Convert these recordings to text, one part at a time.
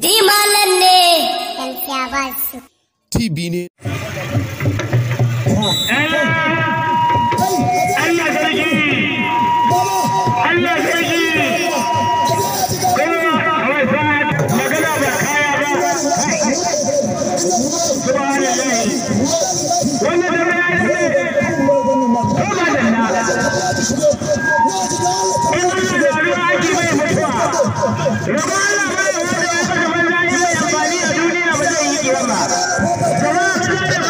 Dimalan ne. Gaskiya ba su. TB ne. Thank you.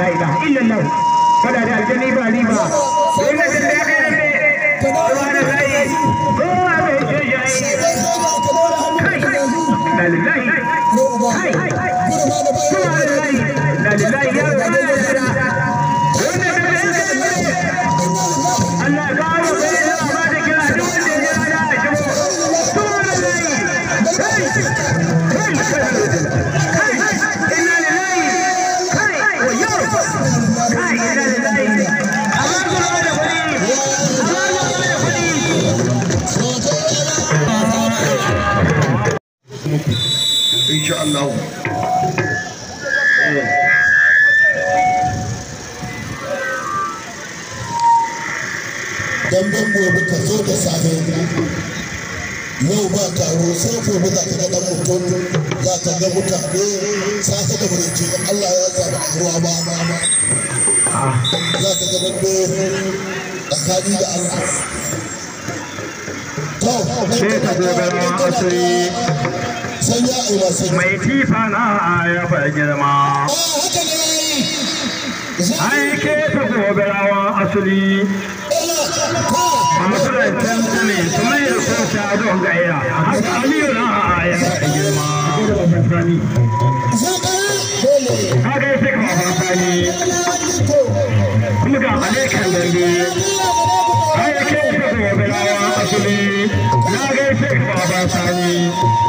la ilaha illallah kada da aljani ba riba lokacin da ya kai insha Allah damben gobe ka zo da safe yau ba taro sai gobe za ka ga dan mutum za ka ga mutane safe da barci Allah ya zaɓi a ruwa ba za ka ga dambe tsakani da Allah sai ka zo san ya a wasan mai tifa na ya fa girma ai ke ta gobe rawa asali masu rancen ta ne su mai da kun sha don gaira haka aliyu na ya fa girma ka gaishe ka mafafani kuma ga alaikan dambe ai ke ta gobe rawa asali na gaishe ka mafafani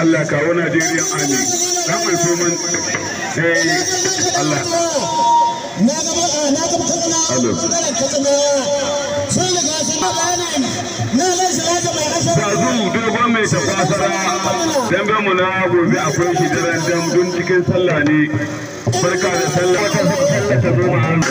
Allah kawo Najeriya ami dan mai soman sai Allah na gaba eh, na gaba katsina magana katsina sai da gasar magana na lashi lashi mai ashar sazu dogon mai tafasara dambe mu na gobe akwai shi daren dam don cikin sallah ne barka da sallah ta zo ma hannu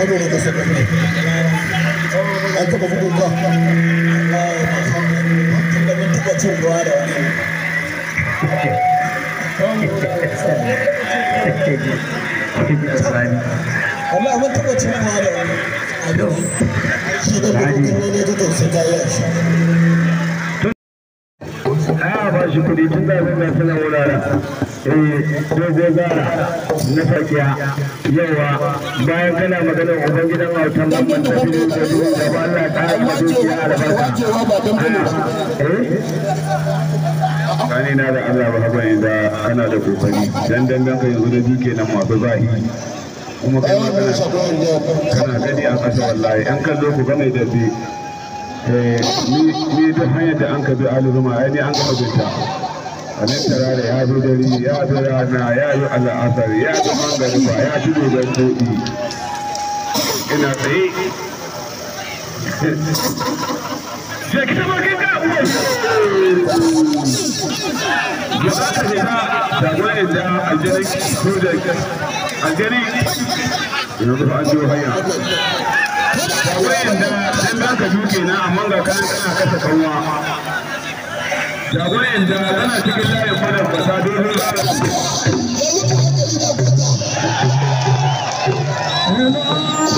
madara da sabar ne an taɓa bugun ba tunda mun taɓa cin ruwa da wani Allah mun taɓa cin ruwa da wani shi da bugun ne ba shi kuɗi tun da abin suna wurara eh dogo gara na fakiya yawa bayan kana maganar uban gidan autan mamman da biyu da biyu da Allah ta yi madukiya albarka ah, eh? tsakani na da Allah ba haba da kana da kokari dan dangan ka yanzu da duke nan masu zahi kuma kana gani a ƙasa wallahi an kallo ku game da bi Eh, ni duk hanyar da an ka bi Zuma, ai ni an ka binta amin tarare ya bi dare ya bi rana ya bi al'asar ya bi ba, ya bi dogon dodi ina tsaye Shekara bakin da uwa. Jama'a ta shiga shagonin da aljeri ko da aljeri. Yanzu an jiyo hanya. ga wayan da an za ka duke na amma ga kana kana kasa kanwa ga wayan da kana cikin layin fadar fasa domin Hello